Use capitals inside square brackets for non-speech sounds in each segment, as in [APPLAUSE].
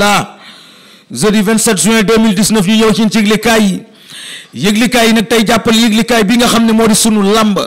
taala jeudi 27 juin 2019 ñu ñëw ci yëglikaay yi yëglikaay yi nag tey jàppal yëglikaay bi nga xam ne moo di sunu làmb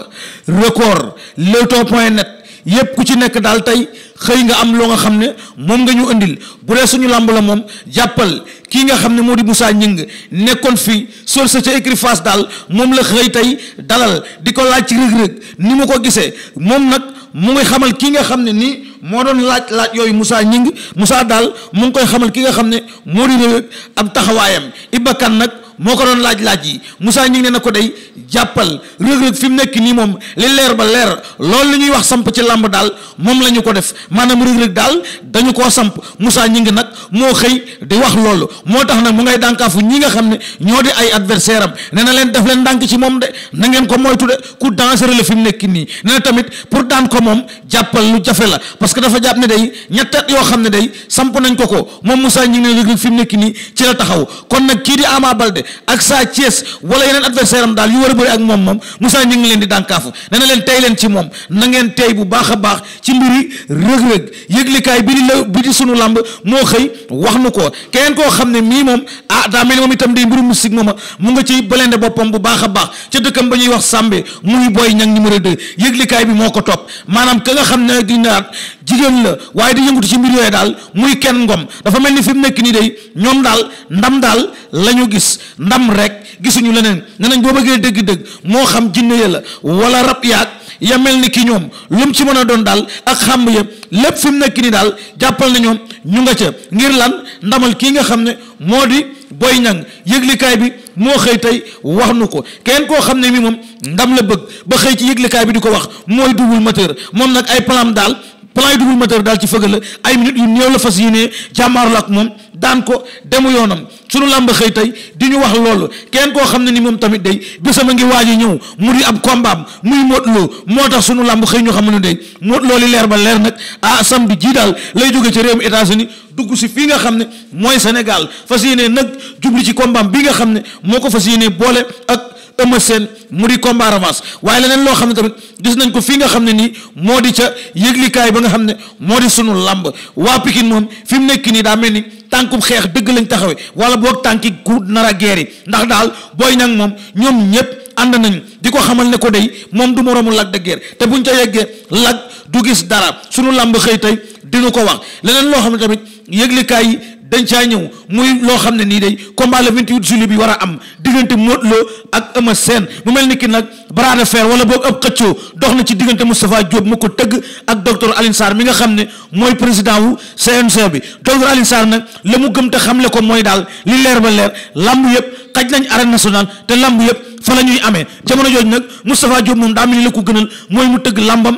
record leewtoo point net yépp ku ci nekk daal tey xëy nga am loo nga xam ne moom nga ñu indil bu dee suñu làmb la moom jàppal kii nga xam ne moo di Moussa Gningue nekkoon fii sol sa ca écurie daal moom la xëy tey dalal di ko laaj ci rëg-rëg ni mu ko gisee moom nag mu ngi xamal ki nga xam ne nii moo doon laaj laaj yooyu Moussa ñing Moussa daal mu ngi koy xamal ki nga xam ne moo di réew ak taxawaayam Iba Kane nag moo ko doon laaj-laaj yi musaa ñu ngi ne na ko day jàppal rëg-rëg fi mu nekk nii moom li leer ba leer loolu la ñuy wax samp ci làmb daal moom la ñu ko def maanaam rëg-rëg daal dañu koo samp Moussa ñu ngi nag moo xëy di wax loolu moo tax nag mu ngay dànkaafu ñi nga xam ne ñoo di ay adversaire am nee na leen def leen ndànk ci moom de na ngeen ko moytu ku dangereux la fi mu nekk nii nee tamit pour daan ko moom jàppal lu jafe la parce que dafa jàpp ne day ñettat yoo xam ne day samp nañ ko ko moom Moussa ñu ngi fi mu nekk nii ci la taxaw kon nag kii di Ama Baldé ak saa Thiès wala yeneen adversaire daal yu war a bëri ak moom moom musaa ñu ngi leen di dànkaafu nee leen tey leen ci moom na ngeen tey bu baax a baax ci mbiri rëg-rëg yëglikaay bi di la bi di sunu làmb moo xëy wax nu ko keneen koo xam ne mii moom ah daa mel ni moom itam day mbiru musique mooma mu nga ci belende boppam bu baax a baax ca dëkkam ba ñuy wax sàmbe muy Boy Niang numéro 2 yëglikaay bi moo ko topp maanaam ka nga xam ne di naat jigéen la waaye di yëngutu ci mbir yooyu daal muy kenn ngom dafa mel ni fi mu nekk nii day ñoom daal ndam daal la ñu gis ndam rek gisuñu leneen ne nañ boo bëggee dëgg-dëgg moo xam jinne ya la wala rab yaag ya mel ni ki ñoom lu ci mën a doon daal ak xàmb yëpp lépp fi nekk nii daal jàppal na ñoom ñu nga ca ngir lan ndamal kii nga xam ne moo di boy ñang yëglikaay bi moo xëy tey wax nu ko kenn koo xam ne mii moom ndam la bëgg ba xëy ci yëglikaay bi di ko wax mooy double moteur moom nag ay plan daal palaay dubul moteur daal ci fëgal la ay minutes yu néew la fas yéene jàmmaarlu ak moom daan ko demu yoonam sunu làmb xëy tey di ñu wax loolu kenn koo xam ne ni moom tamit day sama ngi waaj a ñëw mu di ab kombaam muy Modou Lo moo tax sunu làmb xëy ñu xam ne day Modou Lo li leer ba leer nag ah samedi jii daal lay jóge ci réewum États-Unis dugg si fii nga xam ne mooy Sénégal fas yéene nag jubli ci kombaam bi nga xam ne moo ko fas yéene boole ak. Eumeu Sène mu di combat revanche waaye leneen loo xam ne tamit gis nañ ko fii nga xam ne nii moo di ca yëglikaay ba nga xam ne moo di sunu làmb waa Pikine moom fi mu nekk nii daa mel ni tànkum xeex dëgg lañ taxawee wala boog tànki ku nar a geer yi ndax daal booy nag moom ñoom ñëpp ànd nañu di ko xamal ne ko dey moom du moroomu Lac de Guiers te buñ ca yeggee Lac du gis dara sunu làmb xëy tey dinu ko wax leneen loo xam ne tamit yëglikaay dañ caa ñëw muy loo xam ne nii day combat le 28 bi war a am diggante Modou ak Eumeu Sène mu mel ni ki nag bras de fer wala boog ab xëccoo dox na ci diggante Moustapha Diop mu ko tëgg ak docteur Alioune mi nga xam ne mooy président wu CNG bi docteur Alioune nag la mu gëm te xamle ko mooy daal li leer ba leer lamb yëpp xaj nañ arène nationale te lamb yëpp fa la ñuy amee jamono jooju nag Moustapha Diop moom daa mel ni la ko gënal mooy mu tëgg lambam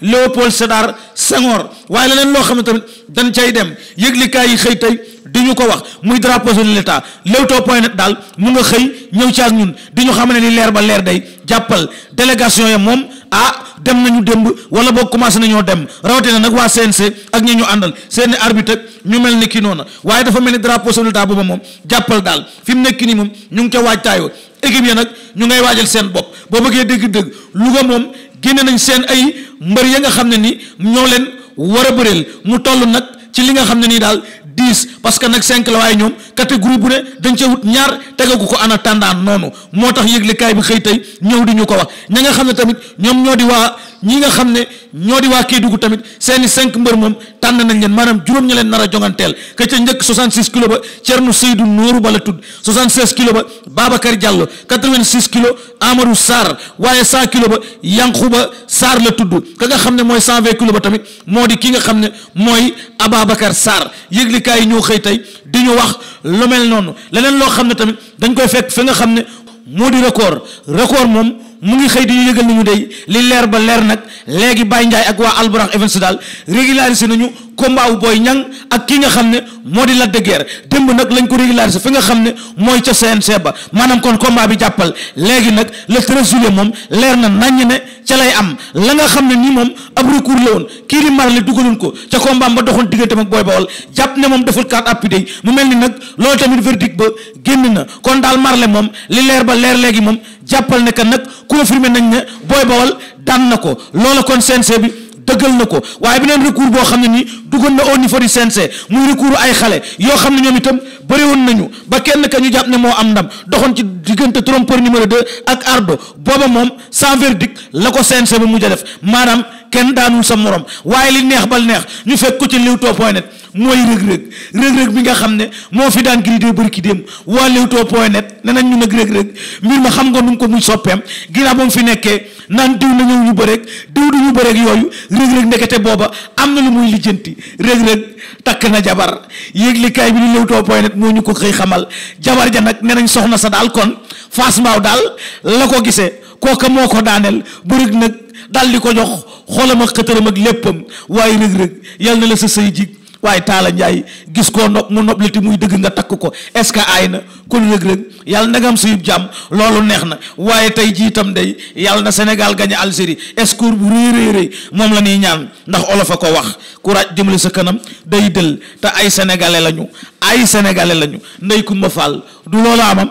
Léopold Sédar Senghor waaye leneen loo xam ne tamit dañ cay dem yëglikaay yi xëy tey di ñu ko wax muy drapeau de l'état Leewtoo point net daal mu nga xëy ñëw ci ak ñun di ñu xam ne ni leer ba leer day jàppal délégation ya moom ah dem nañu démb wala boo commencé nañoo dem rawatina nag waa CNC ak ñi ñu àndal seeni arbitre ñu mel ni kii noona waaye dafa mel ni drapeau de l'état booba moom jàppal daal fi mu nekk nii moom ñu ngi ca waajtaayoo équipe ya nag ñu ngay waajal seen bopp boo bëggee dégg-dégg Louga moom génne nañ seen ay mbër ya nga xam ne ni ñoo leen war a bëreel mu toll nag ci li nga xam ne nii daal dix parce que nag cinq la waaye ñoom catégorie bu ne dañ ca wut ñaar tegagu ko en attendant noonu moo tax yëglekaay bi xëy tey ñëw di ñu ko wax ña nga xam ne tamit ñoom ñoo di waa ñi nga xam ne ñoo di waa Kédougou tamit seeni cinq mbër moom tànn nañ leen maanaam juróom ña leen nar a jonganteel ka ca njëkk 66 kilo ba Thierno Seydou Nourou ba la tudd 76 kilo ba Babacar Diallo 86 kilo Amadou Sarr waaye 100 kilo ba Yankouba Sarr la tudd ka nga xam ne mooy 120 kilo ba tamit moo di ki nga xam ne mooy Ababacar Sarr yëglekaay médias yi ñoo xëy tey di ñu wax lu mel noonu leneen loo xam ne tamit dañ koy fekk fi nga xam ne moo di record record moom mu ngi xëy di ñu yëgal ni ñu dey li leer ba leer nag léegi Baye Ndiaye ak waa Albourakh Events daal régularisé nañu combat wu Boy Niang ak kii nga xam ne moo di Lac de Guiers démb nag lañ ko régularisé fi nga xam ne mooy ca CNG ba maanaam kon combat bi jàppal léegi nag le 13 juillet moom leer na naññ ne ca lay am la nga xam ne nii moom ab recours la woon kii di marale dugaloon ko ca combat ba doxoon diggante ak Boy Bawol jàpp ne moom deful carte appui day mu mel ni nag loolu tamit verdict ba génn na kon daal marale moom li leer ba leer léegi moom jàppal ne que nag confirmé nañ ne booy Bawal daan na ko loola kon CNG bi dëggal na ko waaye beneen recours boo xam ne nii duggoon na au niveau du CNG muy recours ay xale yoo xam ne ñoom itam bëri woon nañu ba kenn ka ñu jàpp ne moo am ndam doxoon ci diggante trompeur numéro de ak Ardo booba moom sans verdict la ko CNG bi mujj a def maanaam kenn daanul sa morom waaye li neex bal neex ñu fekk ko ci Leewtoo point net mooy rëg-rëg rëg bi nga xam ne moo fi daan giri dee ki déem waa Leewtoo point ñu nag rëg-rëg mbir ma xam nga nu ko muy soppeem ginnaaw ba mu fi nekkee naan diw na ñëw ba bëreeg diw du ñu bëreeg yooyu rëg-rëg ndekete booba am na lu muy lijjanti rëg-rëg takk na jabar yéeglikaay bi ni Leewtoo point net moo ñu ko xëy xamal jabar ja nag ne nañ soxna sa daal kon Fass Mbaw daal la ko gisee kooka moo ko daaneel bërig nag dal di ko jox xolam ak xëtëram ak léppam waaye rëg-rëg yal na la sa sëy jig waaye taala njaay gis koo nopp mu nopp liti muy dëgg nga takk ko est ce que aay na kon rëg-rëg yàlla na nga am sëyub jàmm loolu neex na waaye tey jii itam day yàlla na Sénégal gañe Algérie score bu rëy rëy moom la ñuy ñaan ndax olof a ko wax ku raaj dimbali sa kanam day dël te ay sénégalais lañu ay sénégalais lañu ndey kumba faal du loolu amam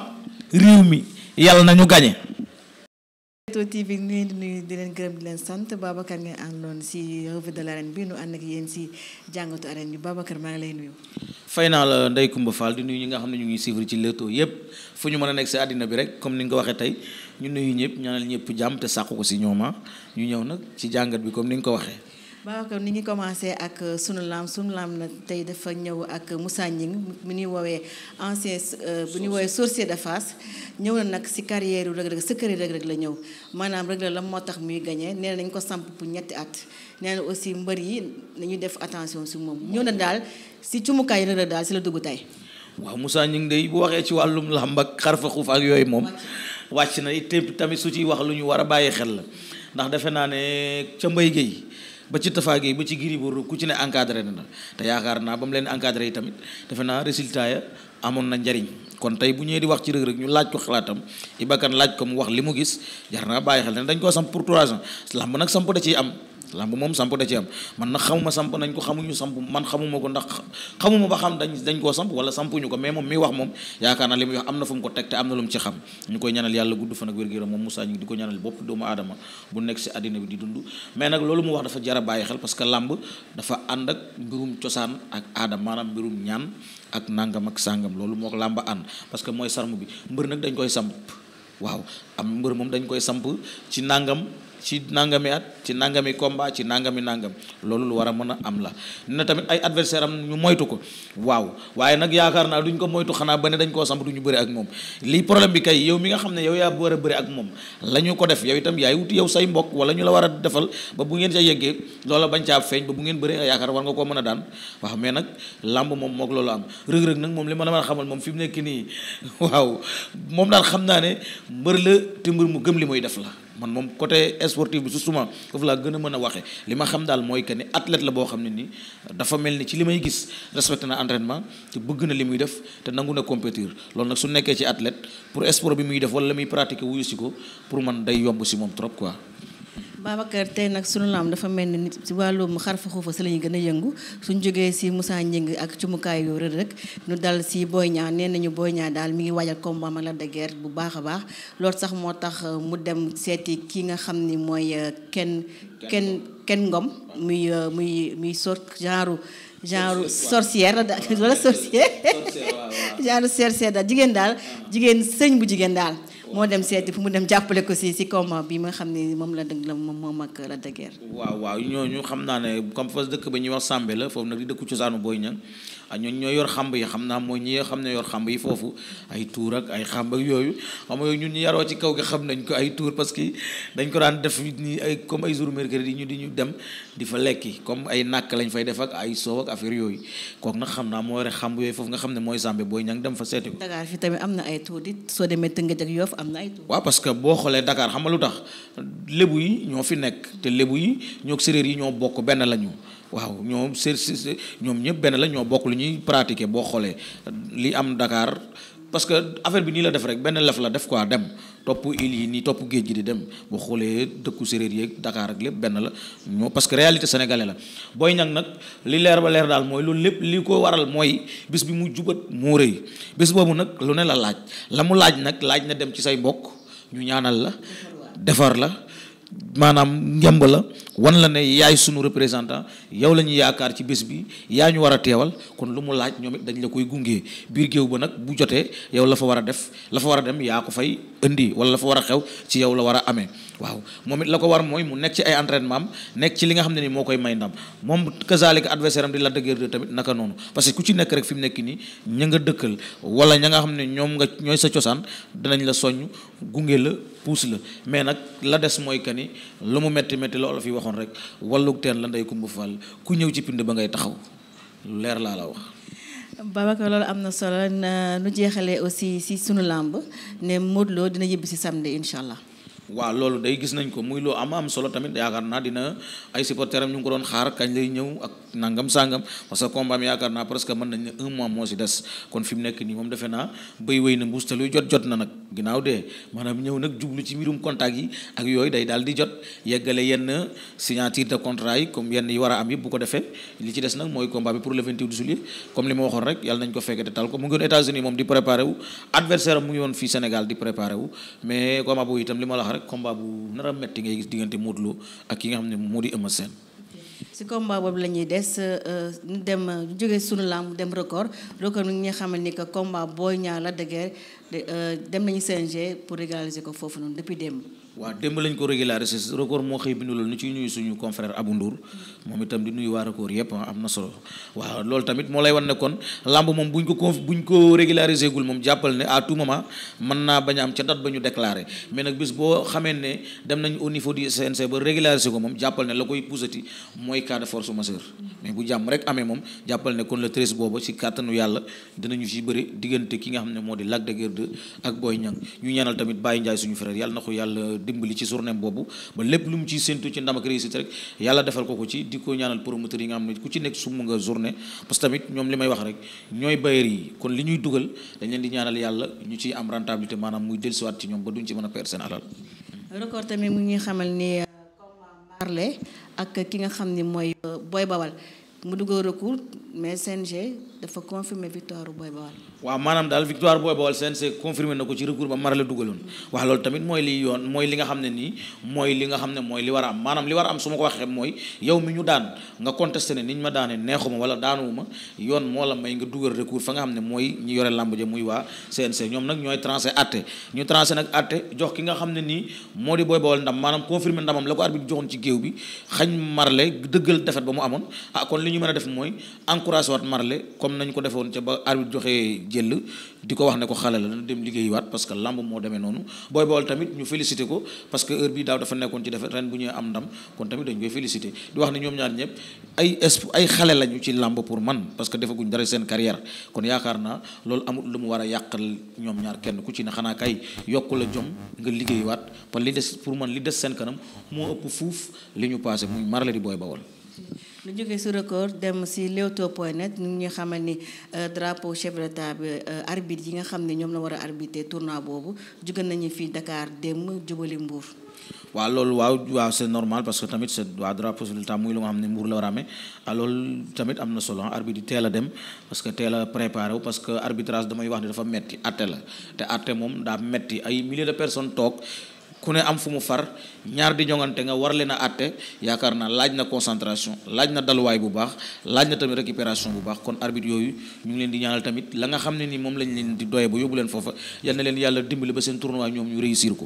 réew mi yàlla nañu gañe Leewtoo TV ñu leen di nuyu leen gërëm di leen sant Babacar ngeen àndoon si revue de l'arène bi nu ànd ak yéen si jàngatu arène bi Babacar maa ngi lay nuyu. fay naa la Ndeye Koumba Fall di nuy ñi nga xam ne ñu ngi suivre ci Leewtoo yépp fu ñu mën a nekk si àddina bi rek comme ni nga ko waxee tey ñu nuyu ñëpp ñaanal ñëpp jàmm te sàqu ko si ñooma ah. ñu ñëw nag ci jàngat bi comme ni nga ko waxee. Babacar ni ngi commencé ak euh, sunu laam sunu laam nag tey dafa ñëw ak Moussa Gningue mu ñuy woowee ancien euh, bu ñuy woowee sorcier de Fass ñëw na nag si carrière Reug Reug sa carrière Reug Reug la ñëw maanaam Reug Reug la moo tax muy gagné nee nañ ko samp bu ñetti at nee na aussi mbër yi nañu def attention si moom ñëw na daal si cumukaay Reug Reug daal si la dugg tey waaw musaa Gningue day bu waxee ci wàllum làmb ak xarfa xuuf ak yooyu moom wàcc na te tamit su ciy wax lu ñu war a bàyyi xel la ndax defe naa ne ca mbay géey ba ci tafaagee ba ci Gris Bordeaux ku ci ne encadré na te yaakaar naa ba mu leen encadré yi tamit defe naa résultat ya amoon na njariñ kon tey bu ñëwee di wax ci Reug Reug ñu laaj ko xalaatam Iba Kane laaj ko mu wax li mu gis jar naa bàyyi xel ne dañ koo samp pour trois ans lamb nag samp da ciy am lamb moom samp da ci am man nag xamuma samp nañ ko xamuñu samp man xamuma ko ndax xamuma ba xam dañ dañ koo samp wala sampuñu ko mais moom mi wax moom yaakaar naa koy ñaanal yàlla gudd fan ak wér-gu-yaram moom Moussa ñu di ko ñaanal bopp doomu aadama bu nekk si àddina bi di dund mais a bàyyi xel parce que ak mbirum maanaam mbirum ñaan ak nangam ak sàngam loolu moo làmb ànd parce que mooy sarmu bi mbër nag dañ koy samp waaw am mbër moom dañ koy samp ci nangam ci nangami at ci nangami combat ci nangami nangam loolu lu war a mën a am la na tamit ay adversaire am ñu moytu ko waaw waaye nag yaakaar naa duñ ko moytu xanaa ba ne dañ koo samp duñu bëri ak moom lii problème bi kay yow mi nga xam ne yow yaa war a bëri ak moom la ko def yow itam yaay wuti yow say mbokk wala ñu la war a defal ba bu ngeen ca yeggee loola bañ caa feeñ ba bu ngeen bëri yaakaar war nga koo mën a daan waaw mais nag làmb moom mook loolu am rëg nag moom li ma la mën a xamal moom fi mu nekk nii [LAUGHS] waaw moom daal xam naa ne mbër la te mbër mu gëm li muy def la man moom côté sportif bi su suma foofu laa gën a mën a waxee li ma xam daal mooy que ne athlète la boo xam ne nii dafa mel ni ci li may gis respecté na entrainement te bëgg na li muy def te nangu na compétir loolu nag su nekkee ci atlet pour sport bi muy def wala la muy pratiquer wuyu si ko pour man day yomb si moom trop quoi Babacar tey nag sunu laam dafa mel ni nit si wàllum xar fa xuufa si la ñu gën a yëngu suñ jógee si Moussa njëng ak cumukaay yu rëdd rek ñu dal si booy Niang nee nañu Boy Niang daal mi ngi waajal combat ak Lac de Guiers bu baax a baax loolu sax moo tax euh, mu dem seeti ki nga xam ni mooy euh, kenn kenn kenn ngom muy euh, muy muy sort genre genre sorcière wala sorcière [LAUGHS] jigéen daal jigéen sëñ bu jigéen daal moo dem seeti fu mu dem jàppale ko si kaw combat bi ma xam ne moom la dëgg la moom moom ak la dëggeer waaw waaw ñooñu xam naa ne comme fas dëkk ba ñuy wax Sambé la foofu nag di dëkku cosaanu Boy Niang a ah, ñoo yor xamb yi xam naa mooy ñi nga xam ne yor xamb yi foofu ay tuur ay xamb yooyu xam nga yooyu ñun ñu yaroo ci kaw gi xam nañ ko ay tuur parce que dañ ko daan def ni ay comme ay jour mercredi ñu di ñu dem di fa lekki comme ay nàkk lañ fay def ak ay soow ak yooyu kooku nag xam naa moo xamb yooyu foofu nga xam ne mooy sàmbe booy ña ngi dem fa seeti ko Dakar fi am na ay tuur di soo demee Tëngéej ak Yoff am na ay tuur waaw parce que boo xoolee Dakar xamal nga lu tax lébu yi ñoo fi nekk te lébu yi ñoo séréer yi ñoo bokk benn lañu waaw ñoom seen ñoom ñëpp benn la ñoo bokk lu ñuy pratiquer boo xoolee li am dakaar parce que affaire bi nii la def rek benn lef la def quoi dem topp île yi nii topp géej gi di dem boo xoolee dëkku séréer yeeg dakaar ak lépp benn la ñoo parce que réalité sénégalais la Boy Niang nag li leer ba leer daal mooy loolu lépp li ko waral mooy bis bi mu jubat moo rëy bis boobu nag lu ne la laaj la mu laaj nag laaj na dem ci say mbokk ñu ñaanal la defar la maanaam ngemb la wan la ne yaay sunu représentant yow la ñuy yaakaar ci bés bi yaa ñu war a teewal kon lu mu laaj ñoom it dañ la koy gunge biir géew ba nag bu jotee yow la fa war a def la fa war a dem yaa ko fay indi wala la fa war a xew ci yow la war a amee waaw moom it la ko war mooy mu nekk ci ay entraînement am nekk ci li nga xam ne ni moo koy may ndam moom kazaalika adversaire am di la dëgër tamit naka noonu parce que ku ci nekk rek fi nekk nii ña nga dëkkal wala ña nga xam ne ñoom nga ñooy sa cosaan dinañ la soññ gunge la puus la mais nag la des mooy que ni lu mu métti métti la fi waxoon rek wallug teen la ndey kumba fàll ku ñëw ci pind ba ngay taxaw leer laa la wax Babacar loolu am na solo nu jeexalee aussi si sunu làmb ne Modou Lo dina yëbb si samedi incha allah waaw loolu day gis nañ ko muy loo am am solo tamit yaakaar naa dina ay supporteram ñu ngi ko xaar kañ lay ñëw nangam sangam parce que combat mi yaakaar naa presque mën nañ ne moo si des kon fi mu nekk nii moom defe jot jot na nag ginnaaw maanaam ñëw nag ci mbirum contact ak yooyu day daal di jot yeggale yenn signature de contrat yi comme yenn a am yëpp bu ko ci des nag mooy combat bi pour le 28 juillet comme li ma waxoon rek yàlla nañ ko fekkete ngi woon États-Unis moom di préparé wu adversaire mu ngi woon fii Sénégal di préparé mais combat boobu itam li ma la wax rek ak bu nar a metti ngay gis diggante Modou Lo ak ki nga xam ne moo di Eumeu Sène ci combat boobu la ñuy des ñu euh, euh, dem euh, jóge sunu lamb dem record record mi nga xamal ni que combat Boy Niang Lac de Guiers dem nañu CNG pour régulariser ko foofu noonu depuis démb. waaw démb lañ ko régularisé record moo xëy bindu loolu ñu ciy nuyu suñu confrère Abou Ndour moom itam di nuyu waa record yëpp am na solo waaw loolu tamit moo lay wan ne kon lamb moom buñ ko conf buñ ko régularisé gul moom jàppal ne à tout moment mën naa am ca date ba ñu déclaré mais nag bis niveau du CNC ba régularisé ko moom jàppal ne la koy puusati mooy cas de force majeure mais bu jàmm rek amee moom jàppal ne kon le treize booba ci kàttanu yàlla dinañu ci bëri diggante ki nga xam ne moo di Lac de Guiers 2 ak Boy Niang ñu ñaanal tamit Baye Ndiaye suñu frère yàlla na ko yàlla dimbali ci journée boobu ba lépp lu mu ciy séntu ci ndam ak rek yàlla defal ko ko ci di ko ñaanal promoteur yi nga xam ne ku ci nekk summ nga journée parce ñoom li may wax rek ñooy bailleurs yi kon li ñuy dugal dañ di ñaanal yàlla ñu ciy am rentabilité maanaam muy dellusiwaat ci ñoom ba duñ ci mën a perdre seen alal. record tamit mu ngi xamal ni euh, comme ak ki nga xam ni mooy euh, Boy Bawal mu dugal recours mais CNG. dafa confirmer victoire Boy Baol. waaw maanaam daal victoire Boy Baol CNG confirmer na ko ci recours ba Marley dugaloon waaw loolu tamit mooy li yoon mooy li nga xam ne nii mooy li nga xam ne mooy li war a am maanaam li war a am su ma ko waxee mooy yow mi ñu daan nga contesté ne ni ñu ma daanee neexuma wala daanuwuma yoon moo la may nga dugal recours fa nga xam ne mooy ñu yore làmb ja muy waa CNG ñoom nag ñooy tranché atte ñu tranché nag atte jox ki nga xam ne nii moo di Boy Baol ndam maanaam confirmer ndamam la ko arbitre joxoon ci géew bi xañ Marley dëggal defet ba mu amoon ah kon li ñu mën a def mooy encouragé waat Marley comme comme nañ ko defoon ca ba arbitre joxee jël di ko wax ne ko xale la na dem liggéeyuwaat parce que lamb moo deme noonu booy bool tamit ñu félicité ko parce que heure bi daaw dafa nekkoon ci defe ren bu ñuy am ndam kon tamit dañ koy félicité di wax ne ñoom ñaar ñëpp ay esp ay xale lañu ci lamb pour man parce que defaguñ dara seen carrière kon yaakaar naa loolu amul lu mu war a yàqal ñoom ñaar kenn ku ci ne xanaa kay yokku la jom nga liggéey waat parce li des pour man li des seen kanam moo ëpp fuuf li ñu passé muy marale di booy bawol lu jógee si record dem si Leewtoo point net ñu ngi xamal ni euh, drapeau chef de l'État bi euh, arbitre yi nga xam ne ñoom la war a arbitrer tournoi boobu jóge nañu fii Dakar dem jubali Mbour. waaw loolu waaw waaw c'est normal parce que tamit c'est waaw drapeau chef de muy lu nga xam ne Mbour la war a amee ah, loolu tamit am na solo ah, arbitre yi teel a dem parce que teel a préparé parce que arbitrage damay wax ne dafa metti atte la te atte moom daa metti ay milliers de personnes toog. ku ne am fu mu far ñaar di jongante nga war leen a àtte yaakaar naa laaj na concentration laaj na daluwaay bu baax laaj na tamit récupération bu baax kon arbitre yooyu ñu ngi leen di ñaanal tamit la nga xam ne ni moom lañ leen di doye ba yóbbu leen foofa yal na leen yàlla dimbali ba seen tournoi ñoom ñu réussir ko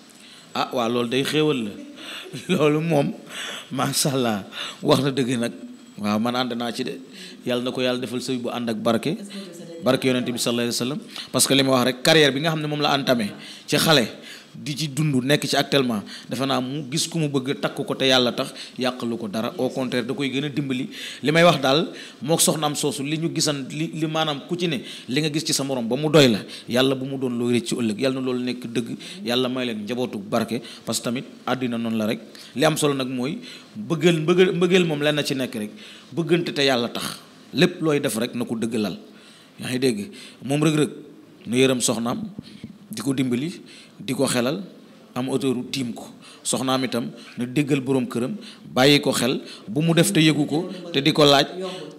ah waa loolu day xéewal la loolu moom macha allah wax na dëgg nag waaw man ànd naa ci de yàlla na ko yàlla defal sëy bu ànd ak barke barke yonent bi sallallahu alayhi wa sallam parce que li ma wax rek carrière bi nga xam ne moom la entamé ci xale di ci dund nekk ci actuellement defe naa mu gis ku mu bëgg takk ko te yàlla tax yàqalu ko dara au contraire da koy gën a dimbali li may wax daal moo soxnaam soosu li ñu gisan li li maanaam ku ci ne li nga gis ci sa morom ba mu doy la yàlla bu mu doon looy rëcc ci ëllëg yàlla na loolu nekk dëgg yàlla may leen njabootu barke parce que tamit àddina noonu la rek li am solo nag mooy bëggal mbëggal mbëggeel moom lenn ci nekk rek bëggante te yàlla tax lépp looy def rek na ko dëggalal yaa ngi dégg moom rëg soxnaam di ko dimbali di ko xelal am auteuru tiim ko soxnaam itam na déggal boroom këram bàyyi ko xel bu mu def te yëgu ko te di ko laaj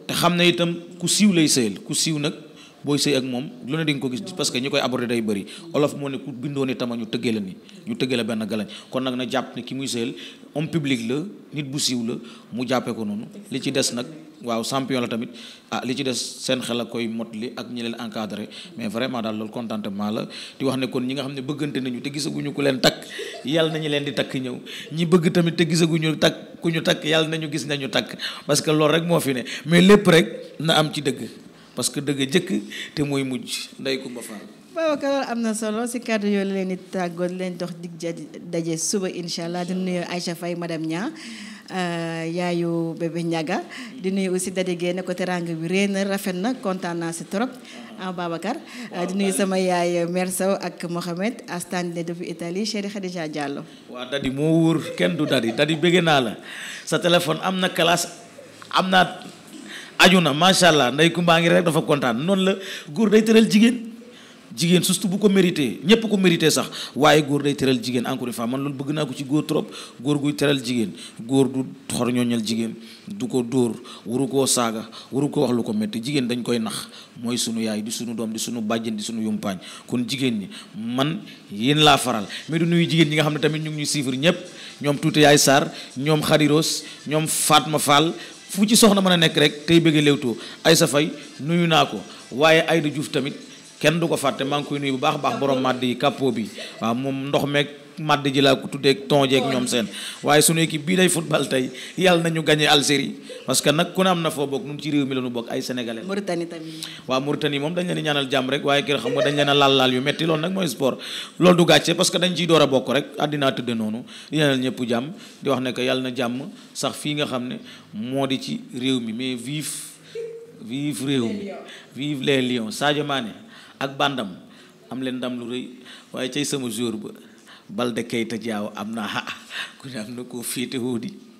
te xam na itam ku siiw lay sëyal ku siiw nag booy sëy ak moom lu ne di ko gis parce que ñi koy aborder day bëri olof moo ne ku bindoo ni tama ñu tëggee la ni ñu tëggee la benn galañ kon nag na jàpp ne ki muy sëyal homme public la nit bu siiw la mu jàppee ko noonu li ci des nag waaw champion la tamit ah li ci des seen xel a koy mot li ak ñi leen encadré mais vraiment daal loolu contentement la di wax ne kon ñi nga xam ne bëggante nañu te gisaguñu ku leen takk yàlla nañu leen di takk ñëw ñi bëgg tamit te gisaguñu takk ku ñu takk yàlla nañu gis nañu takk parce que loolu rek moo fi ne mais lépp rek na am ci dëgg parce que dëgg jëkk te mooy mujj nday Kumba Faal Babacar am na solo si kàddu yooyu la leen tàggoo leen dox dig daje suba incha allah di nuyu Aïcha Faye madame Nia euh, yaayu bébé Ndiaga di nuyu aussi Dade Gueye ne ko teranga bi réer na rafet na kontaan naa si trop ah Babacar. Euh, di nuyu sama yaay mère ak Mohamed Astane ne depuis Italie chéri Khadija Diallo. waaw Dadi moo wóor kenn du Dadi Dadi bëgg naa la sa téléphone am na classe am na aju na macha allah ndey ngi rek dafa kontaan noonu la góor day tëral jigéen surtout bu ko mérité ñépp ko mérité sax waaye góor day teral jigéen encore une fois man loolu bëgg naa ko ci góor trop góor guy teral jigéen góor du xor ñooñal jigéen du ko dóor waru koo saaga waru koo wax lu ko metti jigéen dañ koy nax mooy sunu yaay di suñu doom di sunu bàjjen di suñu yumpaañ kon jigéen ñi man yéen laa faral mais du nuyu jigéen ñi nga xam ne tamit ñu ngi ñu suivre ñépp ñoom tuuti yaay saar ñoom Khadiros ñoom Fatma Fall fu ci soxna mën a nekk rek tey bëgg Leewtoo Aïssa Faye nuyu naa ko waaye Aïda Diouf tamit kenn du ko fàtte maa ngi nuyu bu baax baax borom màdd yi capot bi waaw moom ndox meeg màdd ji laa ko tuddee tonjeeg ñoom seen waaye su équipe bii day football tey yàlla nañu gagné Algérie parce que nag ku ne am na foo bokk nun ci réew mi la ñu bokk ay sénégalais. Mauritanie tamit. moom dañ leen di ñaanal jàmm rek waaye kër xam nga dañ leen a laal laal yu metti loolu nag mooy sport loolu du gàcce parce que dañ ciy door a bokk rek àddinaa tëdde noonu di ñaanal ñëpp jàmm di wax ne que na jàmm sax fii nga xam ne moo di ci réew mi mais vive vive réew mi vive les ak bandam am leen ndam lu rëy waaye cay sama jour ba Balde Keita Diaw am na ah [LAUGHS] ku ne na koo féete woo di